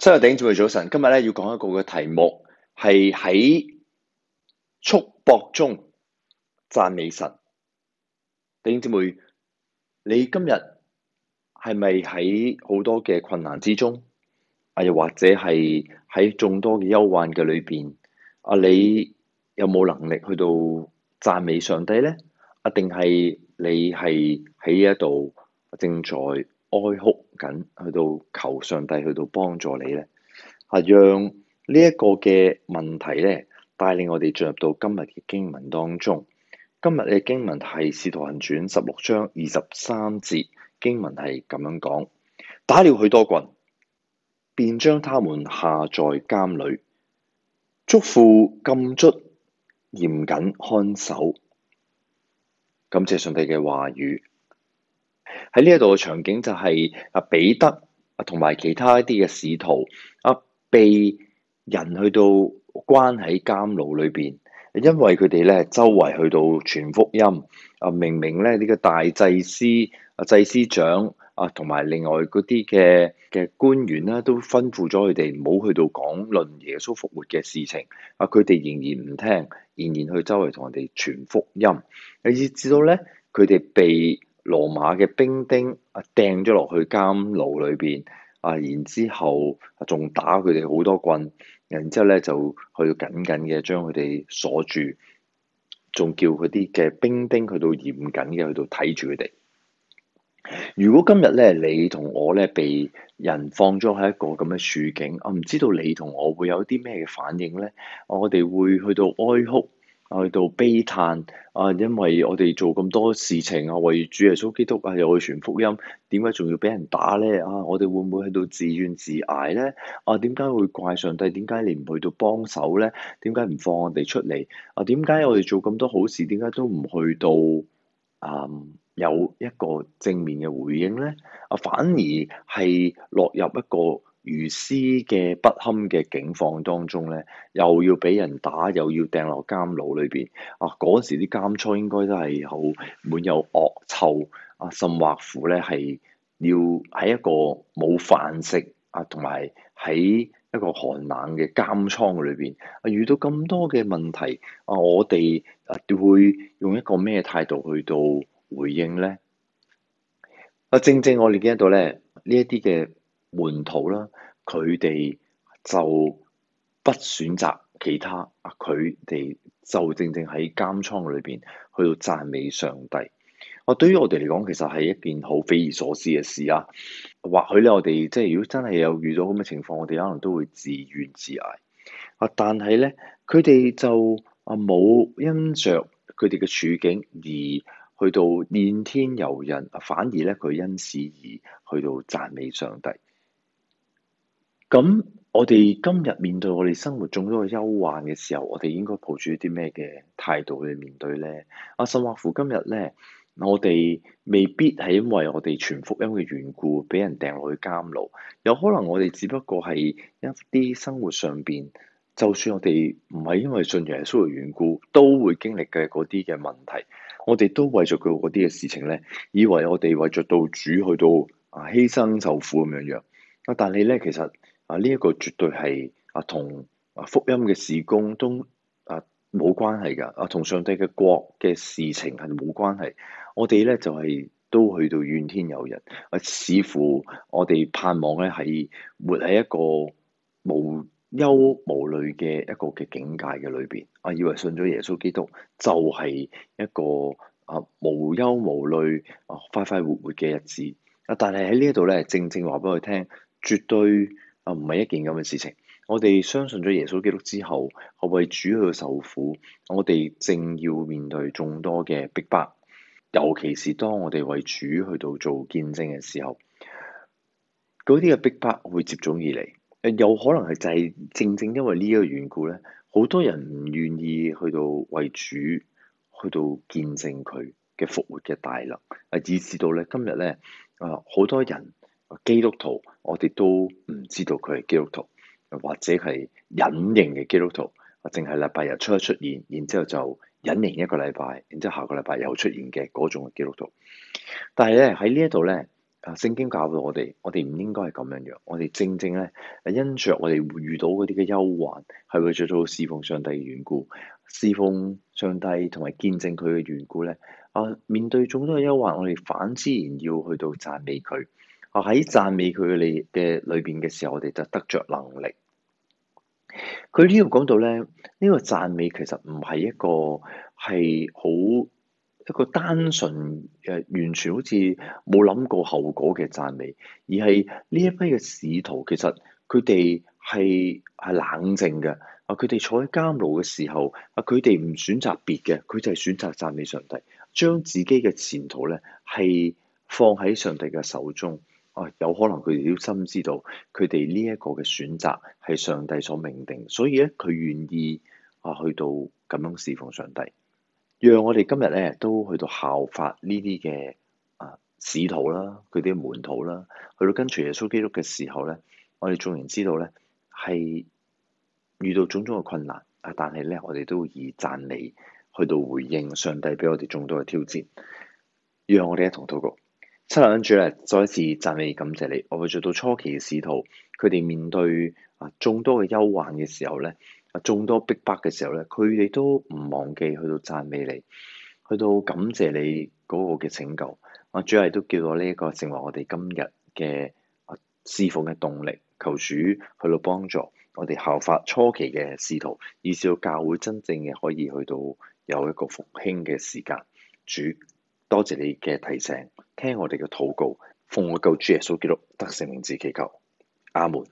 親愛的弟兄姊妹早晨，今日咧要講一個嘅題目，係喺束縛中讚美神。弟兄姊妹，你今日係咪喺好多嘅困難之中？啊，又或者係喺眾多嘅憂患嘅裏邊？啊，你有冇能力去到讚美上帝咧？是是一定係你係喺呢一度正在哀哭緊，去到求上帝去到幫助你咧，啊，讓呢一個嘅問題咧，帶領我哋進入到今日嘅經文當中。今日嘅經文係《使徒行傳》十六章二十三節，經文係咁樣講：打了許多棍，便將他們下在監裏，囑咐禁卒嚴緊看守。感謝上帝嘅話語。喺呢一度嘅場景就係阿彼得啊，同埋其他一啲嘅使徒啊，被人去到關喺監牢裏邊，因為佢哋咧周圍去到傳福音啊，明明咧呢、這個大祭司啊、祭司長啊，同埋另外嗰啲嘅嘅官員啦，都吩咐咗佢哋唔好去到講論耶穌復活嘅事情，啊，佢哋仍然唔聽，仍然去周圍同人哋傳福音，以、啊、致到咧佢哋被。羅馬嘅兵丁啊，掟咗落去監牢裏邊啊，然之後仲打佢哋好多棍，然之後咧就去到緊緊嘅，將佢哋鎖住，仲叫佢啲嘅兵丁去到嚴緊嘅去到睇住佢哋。如果今日咧你同我咧被人放咗喺一個咁嘅處境，我、啊、唔知道你同我會有一啲咩嘅反應咧，我哋會去到哀哭。去到悲嘆啊！因為我哋做咁多事情啊，為主耶穌基督啊，又去傳福音，點解仲要俾人打咧？啊！我哋會唔會喺度自怨自艾咧？啊！點解會怪上帝？點解你唔去到幫手咧？點解唔放我哋出嚟？啊！點解我哋做咁多好事，點解都唔去到啊、嗯？有一個正面嘅回應咧？啊！反而係落入一個。如斯嘅不堪嘅境況當中咧，又要俾人打，又要掟落監牢裏邊。啊，嗰時啲監倉應該都係好滿有惡臭。啊，甚或乎咧，係要喺一個冇飯食啊，同埋喺一個寒冷嘅監倉裏邊啊，遇到咁多嘅問題啊，我哋啊會用一個咩態度去到回應咧？啊，正正我哋見得到咧，呢一啲嘅。門徒啦，佢哋就不選擇其他，啊，佢哋就正正喺監倉裏邊去到讚美上帝。啊，對於我哋嚟講，其實係一件好匪夷所思嘅事啊。或許咧，我哋即係如果真係有遇到咁嘅情況，我哋可能都會自怨自艾。啊，但係咧，佢哋就啊冇因着佢哋嘅處境而去到怨天尤人，啊，反而咧，佢因此而去到讚美上帝。咁我哋今日面對我哋生活中嗰個憂患嘅時候，我哋應該抱住啲咩嘅態度去面對咧？阿神阿父，今日咧，我哋未必係因為我哋傳福音嘅緣故，俾人掟落去監牢。有可能我哋只不過係一啲生活上面，就算我哋唔係因為信耶穌嘅緣故，都會經歷嘅嗰啲嘅問題。我哋都為咗佢嗰啲嘅事情咧，以為我哋為咗到主去到啊犧牲受苦咁樣樣。啊，但係咧，其實。啊！呢、這、一個絕對係啊，同啊福音嘅事工都啊冇關係㗎。啊，同、啊、上帝嘅國嘅事情係冇關係。我哋咧就係、是、都去到怨天尤人。啊，似乎我哋盼望咧係活喺一個無憂無慮嘅一個嘅境界嘅裏邊。啊，以為信咗耶穌基督就係、是、一個啊無憂無慮啊快快活活嘅日子。啊，但係喺呢一度咧，正正話俾佢聽，絕對。唔係一件咁嘅事情。我哋相信咗耶穌基督之後，為主去受苦，我哋正要面對眾多嘅逼迫，尤其是當我哋為主去到做見證嘅時候，嗰啲嘅逼迫會接踵而嚟。誒，有可能係就係正正因為呢一個緣故咧，好多人唔願意去到為主去到見證佢嘅復活嘅大能，以至到咧今日咧，啊，好多人基督徒。我哋都唔知道佢係基督徒，或者係隱形嘅基督徒，淨係禮拜日出一出現，然之後就隱形一個禮拜，然之後下個禮拜又出現嘅嗰種嘅基督徒。但係咧喺呢一度咧，聖經教導我哋，我哋唔應該係咁樣樣，我哋正正咧，因着我哋遇到嗰啲嘅憂患，係會做到侍奉上帝嘅緣故，侍奉上帝同埋見證佢嘅緣故咧，啊，面對眾多嘅憂患，我哋反之然要去到讚美佢。我喺讚美佢哋嘅裏邊嘅時候，我哋就得着能力。佢呢度講到咧，呢個讚美其實唔係一個係好一個單純嘅完全好似冇諗過後果嘅讚美，而係呢一批嘅使徒其實佢哋係係冷靜嘅。啊，佢哋坐喺監牢嘅時候，啊，佢哋唔選擇別嘅，佢就係選擇讚美上帝，將自己嘅前途咧係放喺上帝嘅手中。啊、有可能佢哋都深知道，佢哋呢一個嘅選擇係上帝所命定，所以咧佢願意啊去到咁樣侍奉上帝。讓我哋今日咧都去到效法呢啲嘅啊使徒啦，佢哋嘅門徒啦，去到跟隨耶穌基督嘅時候咧，我哋縱然知道咧係遇到種種嘅困難啊，但係咧我哋都以讚美去到回應上帝俾我哋眾多嘅挑戰。讓我哋一同禱告。七兩主咧，再一次讚美感謝你。我哋做到初期嘅使徒，佢哋面對啊眾多嘅憂患嘅時候咧，啊眾多逼迫嘅時候咧，佢哋都唔忘記去到讚美你，去到感謝你嗰個嘅拯救。我最後都叫到呢一個成為我哋今日嘅侍奉嘅動力，求主去到幫助我哋效法初期嘅使徒，以至到教會真正嘅可以去到有一個復興嘅時間，主。多謝你嘅提醒，聽我哋嘅禱告，奉我救主耶穌基督得勝名字祈求，阿門。